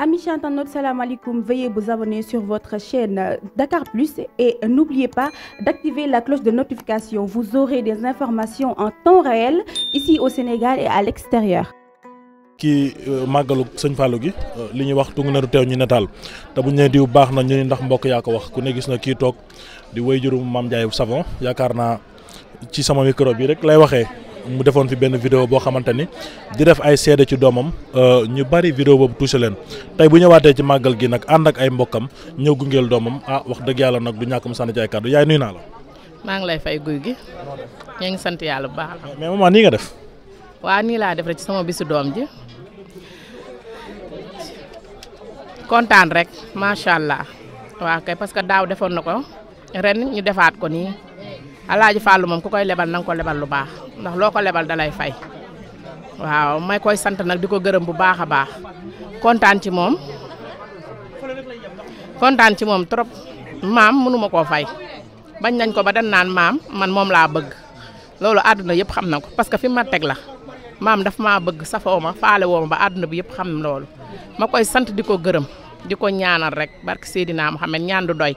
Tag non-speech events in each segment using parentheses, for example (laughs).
Amis chers internautes, salam alaikum. Veuillez vous abonner sur votre chaîne Dakar Plus et n'oubliez pas d'activer la cloche de notification. Vous aurez des informations en temps réel ici au Sénégal et à l'extérieur. kii euh, màggalu sëñ Fallou gi euh, li ñuy wax tungu naru teew ñi nataal te bu ñu nee diw baax na ñu ni ndax mbokk yaa ko wax ku ne gis na kii toog di wéy juróom maam Ndiaye Savon yaakaar naa ci sama micro bi rek lay waxee. mu defoon fi benn vidéo boo xamante ni di def ay seede ci doomam euh, ñu bari vidéo boobu touché leen tey bu ñëwaatee ci màggal gi nag ànd ak ay mbokkam ñëw gungeel doomam ah wax dëgg yàlla nag du ñàkkum sànni ci ay kàddu yaay nuyu naa la. maa ngi lay fay guy gi. ñu ngi sant yàlla bu baax mais maman nii nga def. waa nii laa def rek ci sama bisu doom ji kontaan rek macha allah waaw kay parce daaw defoon na ko ren ñu defaat ko nii. alaaji Fàllu moom ku koy lebal na ko lebal lu baax ndax loo ko lebal dalay fay waaw may koy sant nag di ko gërëm bu baax a baax kontaan ci moom kontaan ci moom trop maam mënuma koo fay bañ nañ ko ba dan naan maam man moom laa bëgg loolu àdduna yëpp xam na ko parce que fi ma teg la maam daf ma bëgg safoo ma faale woo ba àdduna bi yëpp xam loolu ma koy sant di ko gërëm di ko ñaanal rek barke Seydina Muhammad ñaan du doy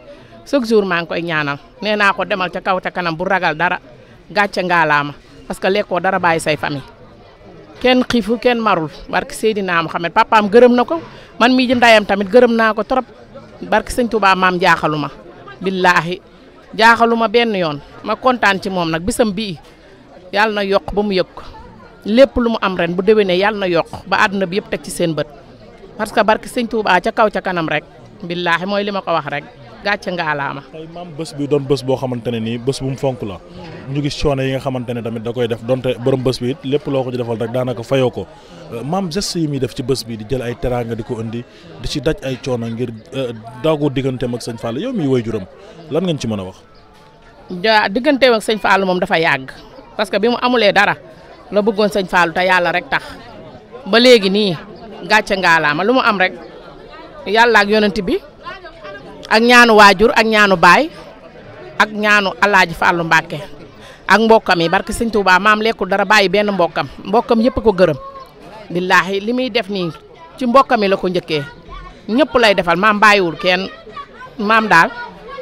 chaque jour maa ngi koy ñaanal nee naa ko demal ca kaw ca kanam bu ragal dara gàcce ngaalaama parce que lekkoo dara bàyyi say famille kenn xiifu kenn marul barke Seydina Muhammad papaam gërëm na ko man mii ji ndayam tamit gërëm naa ko trop barke sëñ Touba maam jaaxalu ma billaahi jaaxalu ma benn yoon ma kontaan ci moom nag bisam bii yàlla na yokk ba mu yëg ko lépp lu mu am ren bu déwénee yàlla na yokk ba àdduna bi yëpp teg ci seen bët parce que barke sëñ Touba ca kaw ca kanam rek billaahi mooy li ma ko rek gàcce ngaalaama tey maam bés bi doon bés boo xamante ne nii bés bu mu fonk la ñu coono yi nga xamante ne tamit da koy def donte borom bés bi lépp loo ko ci defal rek daanaka fayoo ko euh, maam geste yi muy def ci bés bi di jël ay teraanga di ko indi di ci daj ay coono ngir euh, daagu digganteem ak sëñ Fall yow miy woy juram lan ngeen ci mën a wax ja digganteem ak sëñ Fall moom dafa yàgg parce que bi mu amulee dara la bëggoon sëñ Fall te yàlla rek tax ba léegi nii gàcce ngaalaama lu mu am rek yàlla ak yonent bi ak ñaanu waajur ak ñaanu baay ak ñaanu alaaji Fàllu Mbàkke ak mbokkam yi barke sëñ Tuubaa maam lekkul dara bàyyi benn mbokkam mbokkam yëpp ko gërëm billaahi li muy def nii ci mbokkam yi la ko njëkkee ñëpp lay defal maam bàyyiwul kenn maam daal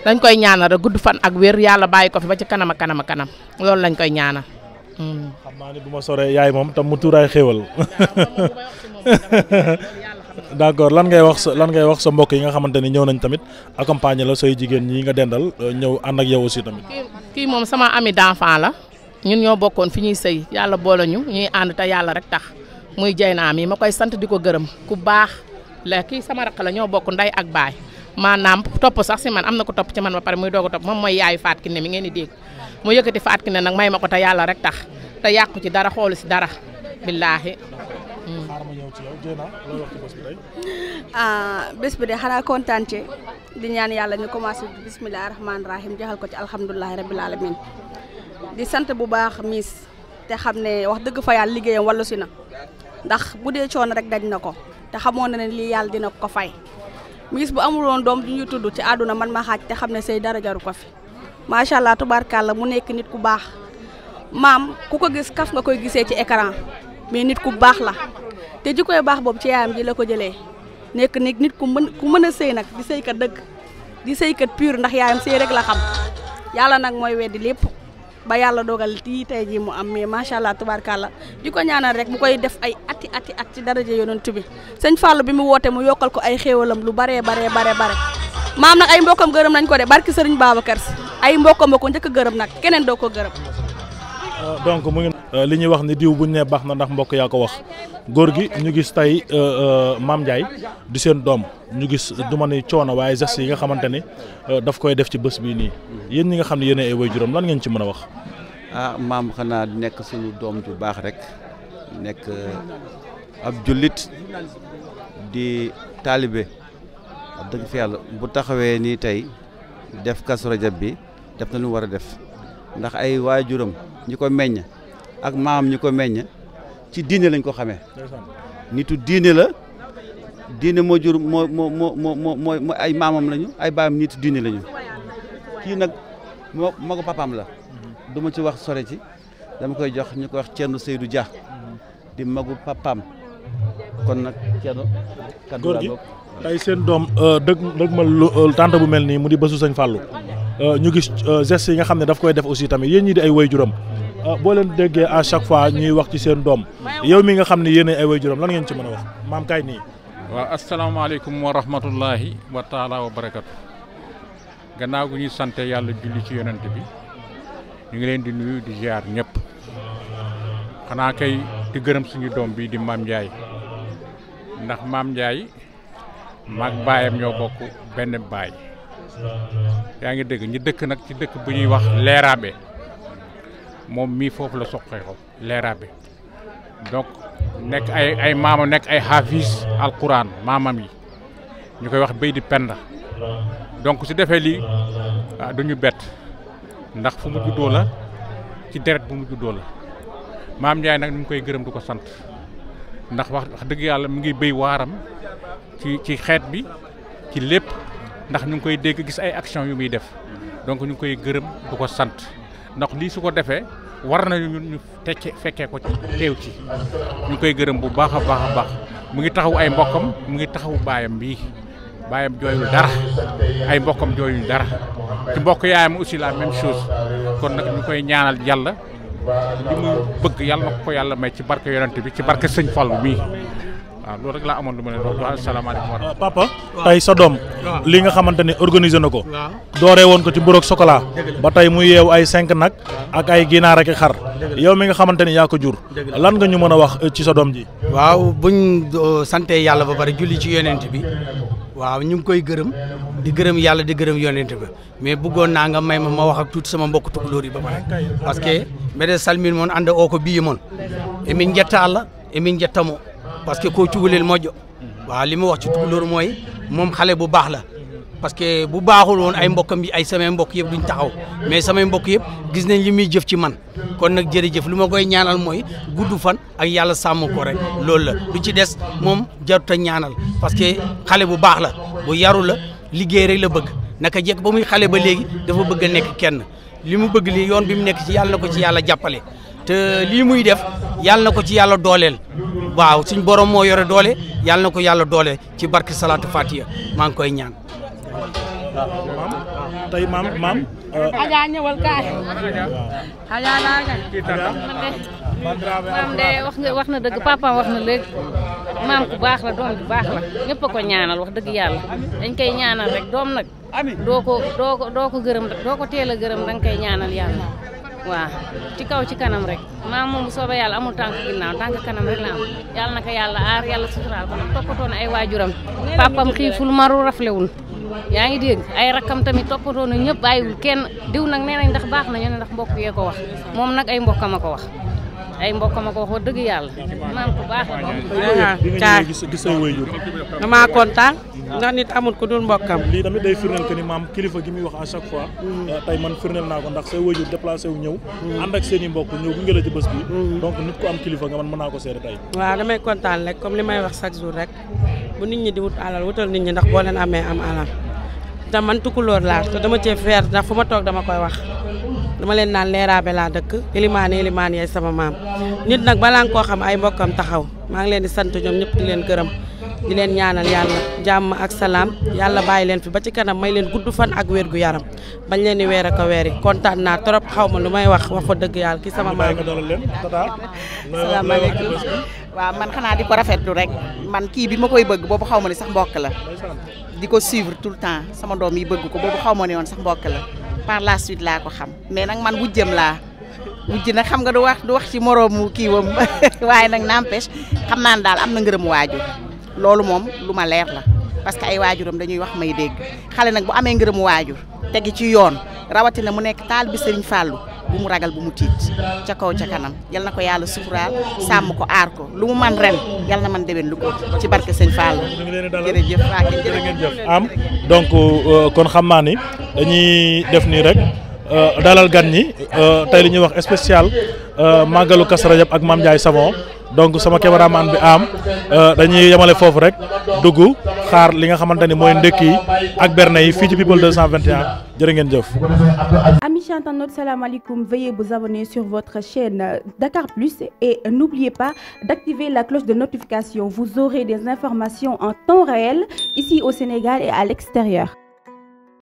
dañ koy ñaanal rek gudd fan ak wér yàlla bàyyi ko fi ba ci kanam a kanam a kanam loolu lañ koy ñaanal. Hmm. xam naa ne bu moom tam (laughs) d'accord lan ngay wax sa lan ngay wax sa mbokk yi nga xamante ni ñëw nañ tamit accompagner la say jigéen ñi nga dendal euh, ñëw ànd ak yow tamit. kii moom sama ami d'enfant la ñun ñoo bokkoon fi ñuy sëy yàlla boole ñu ñuy ànd te yàlla rek tax muy Dieyna mi ma koy sant di ko gërëm ku baax la kii sama raq la ñoo bokk nday ak baay maanaam topp sax si man am na ko topp ci man ba pare muy doog a topp moom mooy yaayu Fatou Kiné mi ngeen di dégg mu yëkkati Fatou Kiné nag may ma ko te yàlla rek tax te yàqu xaar ma ñëw ci yow (laughs) ah, de xanaa kontaan ci di ñaan yàlla ñu commencé bisimilah rahmaani rahim joxal ko ci alhamdulilah rabil alamin di sant bu baax miis te xam ne wax dëgg fa yàlla liggéeyam wallu si na ndax bu dee coon rek daj na ko te xamoon na ne lii yàlla dina ko fay miis bu amul woon doom du ñuy tudd ci àdduna man ma xaaj te xam ne say dara jaru ko fi macha allah tubaarkàlla mu nekk nit ku baax maam ku ko gis kaf nga koy gisee ci écran. mais nit ku baax la te jikkoy baax boobu ci yaayam ji la ko jëlee nekk nit nit ku mën ku mën a sëy nag di sëykat dëgg di sëykat pur ndax yaayam sëy rek la xam yàlla nag mooy weddi lépp ba yàlla dogal tii tey jii mu am mais macha allah tubaarkàlla di ko ñaanal rek mu koy def ay ati ati at ci daraja yonent bi sëñ Fallou bi mu woote mu yokkal ko ay xéewalam lu baree baree bare bare maam nag ay mbokkam gërëm nañ ko de barki sëriñ Babacar Si ay mbokkam ba ko njëkk gërëm nag keneen doo ko gërëm donc mu ngi euh, li ñuy wax ni diw buñ ne baax na ndax mbokk yaa ko wax góor gi ñu gis tey euh, euh, Mame Ndiaye di seen doom ñu gis du ma coono waaye gestes yi nga xamante ne daf koy def ci bës bii nii yéen ñi nga xam ne yéen ay way juróom lan ngeen ci mën a wax. ah maam xanaa nekk suñu doom ju baax rek nekk ab jullit di taalibe wax dëgg fi yàlla bu taxawee nii tey def Kazu Rajab bi def na lu mu war a def ndax ay waajuram ñu ko meññ ak maam ñu ko meññ ci diine lañ ko xamee nitu diine la diine moo jur moo moo moo moo moo ay maamam lañu ay baam nitu diine lañu kii nag moo moo papaam la duma ci wax sore ci dama koy jox ñu ko wax Thierno Seydou Dia di magu papaam kon nag Thierno kaddu laa bokk tey seen doom euh, dëgg ma lu euh, tante bu mel nii mu di bésu sëñ Fallou euh, ñu gis geste yi nga xam ne daf koy def aussi tamit yéen ñi di ay woy waajuram Ah, boo leen déggee à chaque fois ñuy wax ci seen doom yow mi nga xam ne yéen ay waajuram lan ngeen ci mën a wax maam kaay nii. waaw asalaamaaleykum wa rahmatullahi wa taala wa barakatu gannaaw gu ñuy sante yàlla julli ci yonent bi ñu ngi leen di nuyu di ziar ñëpp xanaa kay di gërëm suñu doom bii di maam Ndiaye ndax maam Ndiaye maag baayam ñoo bokk benn baay yaa ngi dégg ñu dëkk nag ci dëkk bu ñuy wax leeraabe moom mii foofu la soqee ko leera bi donc nekk ay ay maama nekk ay xaafis alquran maamam yi ñu koy wax béy di penda donc su defee lii ah, du ñu bett ndax fu mu juddoo la ci deret bu mu juddoo la maam Ndiaye nag ñu ngi koy gërëm du ko sant ndax wax wax dëgg yàlla mu ngi béy waaram ci ci xeet bi ci lépp ndax ñu ngi koy dégg gis ay action yu muy def donc ñu ngi koy gërëm du ko sant ndox lii su ko defee war na ñu ñu tecce fekkee ko ci teew ci ñu koy gërëm bu baax a baax a baax mu ngi taxaw ay mbokkam mu ngi taxaw baayam bii baayam jooyul dara ay mbokkam jooyul dara ci mbokk yaayam aussi la même chose kon nag ñu koy ñaanal yàlla li muy bëgg yàlla na ko ko yàlla may ci barke yonent bi ci barke sëñ Fall mii waaw wa rahmatulah. papa tey sa doom. li nga xamante ne organisé na ko. dooree woon ko ci mburoog chocolat. ba tey mu yeewu ay cinq nag. ak ay ginaar ak xar. yow mi nga xamante ni yaa ko jur. lan nga ñu mën a wax eh, ci sa doom ji. waaw buñ euh, sante yàlla ba pare julli ci yonent bi. waaw ñu ngi koy gërëm di gërëm yàlla di gërëm yonent ba mais bëggoon naa nga may ma ma wax ak tuuti sama mbokk tukulóor yi ba pare parce que mbede salmin moon anda o ko biye moon emin jetta allah emin jettamo parce que koo cuguleel moƴƴo waaw li ma wax ci loolu mooy moom xale bu baax la parce que bu baaxul woon ay mbokkam yi ay samay mbokk yëpp duñ taxaw mais samay mbokk yëpp gis nañ li muy jëf ci man kon nag jërëjëf lu ma koy ñaanal mooy gudd fan ak yàlla sàmm ko rek loolu la lu ci des moom jarut a ñaanal parce que xale bu baax la bu yaru la liggéey rek la bëgg naka jekk ba muy xale ba léegi dafa bëgg a nekk kenn li mu bëgg li yoon bi mu nekk ci yàlla na ko ci yàlla jàppale te lii muy def yàlla ko ci yàlla dooleel waaw suñ borom moo yore doole yàlla ko yàlla doole ci barke salaatu fatiha maa ngi koy ñaan. maam tey maam euh, nga. de wax na dëgg papa wax na léegi maam ku baax la doom bu baax la ñëpp a ko ñaanal wax dëgg yàlla dañ koy ñaanal rek doom nag doo ko doo ko ko gërëm doo ko teel gërëm danga koy ñaanal yàlla. waaw ci kaw ci kanam rek maam moom bu soobee yàlla amul tànk ginnaaw tànk kanam rek la am yàlla naka yàlla aar yàlla suturaal ba toppatoo na ay waajuram papam xiiful maru raflewul yaa ngi dégg ay rakkam tamit toppatoo na ñëpp bàyyiwul kenn diw nag nee nañ ndax baax nañu ne ndax mbokk yee ko wax moom nag ay mbokkam a ko wax ay mbokk ma ko wax dëgg yàlla maam ku baax la caa gis sa wayjur damaa kontaan ndax nit amul ku dul mbokkam lii tamit day firndeel que ni maam kilifa gi muy wax à chaque fois mm. euh, tey man ndax say wayjur wu ñëw mm. ànd ak seen i mbokk ñëw gunge la ci bés bi mm. donc nit ku am kilifa nga man mën naa ko seede tey waaw damay kontaan rek comme li may wax chaque jour rek bu nit ñi di wut alal wutal nit ñi ndax boo leen amee am alal te man tukulóor laa te dama cee feer ndax fu ma toog dama koy wax dama leen naan leeraabe laa dëkk élimaane élimaane yaay sama maam nit nag balaa nga koo xam ay mbokkam taxaw maa ngi leen di sant ñoom ñëpp di leen gërëm di leen ñaanal yàlla jàmm ak salaam yàlla bàyyi leen fi ba ci kanam may leen gudd fan ak wér gu yaram bañ leen di weer ak a weer kontaan naa trop xaw ma lu may wax wax fa dëgg yàlla ki sama maam salaamaaleykum (laughs) waaw man xanaa di ko rafetlu rek man kii bi ma koy bëgg boobu xaw ma ne sax mbokk la di ko suivre tout le temps sama doom yi bëgg ko boobu xaw ma ne woon sax la par la suite laa ko xam mais nag man wujjam laa wujj nag xam nga du wax du wax ci moroomu kii wam (laughs) waaye nag n'empêche xam naa ne daal am na ngërëm waajur loolu moom lu ma leer la parce que ay waajuram dañuy wax may dégg xale nag bu amee ngërëm waajur tegi ci yoon rawatina mu nekk taal bi Serigne Fallou bu mu ragal bu mu tiit ca kaw ca kanam yal na ko yàlla suturaal sàmm ko aar ko lu mu man ren yal na man déwén lu ko ci barke sëñ Fall jërëjëf jërëjëf am donc euh, kon xam naa ni dañuy def nii rek euh, dalal gan ñi euh, tey li ñuy wax spécial màggalu Kazu Rajab ak Mame Ndiaye Savon donc sama caméraman bi am euh, dañuy yemale foofu rek dugg xaar li nga xamante ni mooy ndekki yi ak berne yi fii ci people 221 jërë ngeen jëf. Amis chantanot salaamaaleykum veuillez vous abonner sur votre chaîne Dakar Plus et n'oubliez pas d'activer la cloche de notification vous aurez des informations en temps réel ici au Sénégal et à l'extérieur.